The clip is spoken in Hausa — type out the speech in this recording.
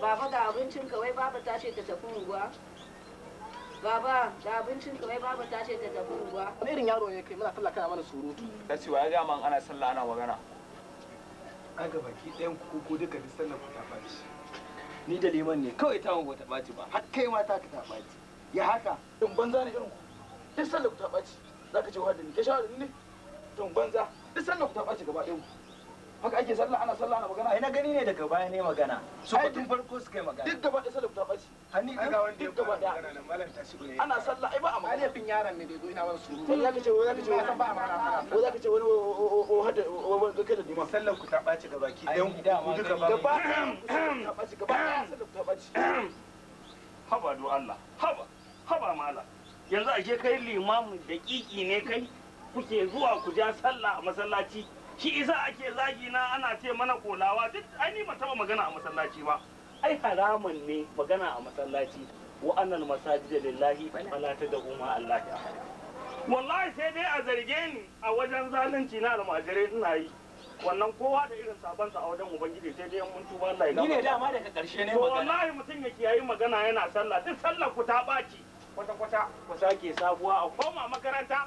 Baba da abincin kawai baba ta ce ta tafi unguwa. Baba da abincin kawai baba ta ce ta tafi unguwa. Wani irin yaro ne kai muna sallah kana mana surutu. Ta ce wa ya ga ana sallah ana magana. Aga baki ɗayan ko duka duk sallah ku ta ɓaci. Ni da liman ne kawai ta ba ta ɓaci ba har kai ma ta ka ta ɓaci. Ya haka in banza ne irin ku. Duk sallah ku ta ɓaci. Za ka ce wa da ni ke shawar da ni ne. Tun banza duk sallah ku ta ɓaci gaba ɗayan ku. haka ake sallah ana sallah ana magana ai na gani ne daga baya ne magana su tun farko su kai magana duk gaba da sallah ta bashi hani duk gaba da ana sallah ai ba a magana fin yaran ne dai zo ina wani su Ko zaka ce ko zaka ce wai ba a magana Ko zaka ce wani o hada wani da dima sallah ku ta baci gaba ki dan duk gaba gaba ta baci gaba sallah ta baci haba do Allah haba haba mala yanzu a je kai limamin kiki ne kai kuke zuwa ku ja sallah a masallaci shi isa ake zagi na ana ce mana kolawa duk ai ni taba magana a masallaci ba ai haraman ne magana a masallaci wa annal masajid lillahi fala tad'u ma Allah wallahi sai dai a zarge ni a wajen zalunci na almajirai ina yi wannan kowa da irin sa a wajen ubangiji sai dai mun tuba Allah ya gama ne dama daga karshe ne magana wallahi mutum ya kiyayi magana yana sallah duk sallar ku ta baci kwata kwata ku sake sabuwa a koma makaranta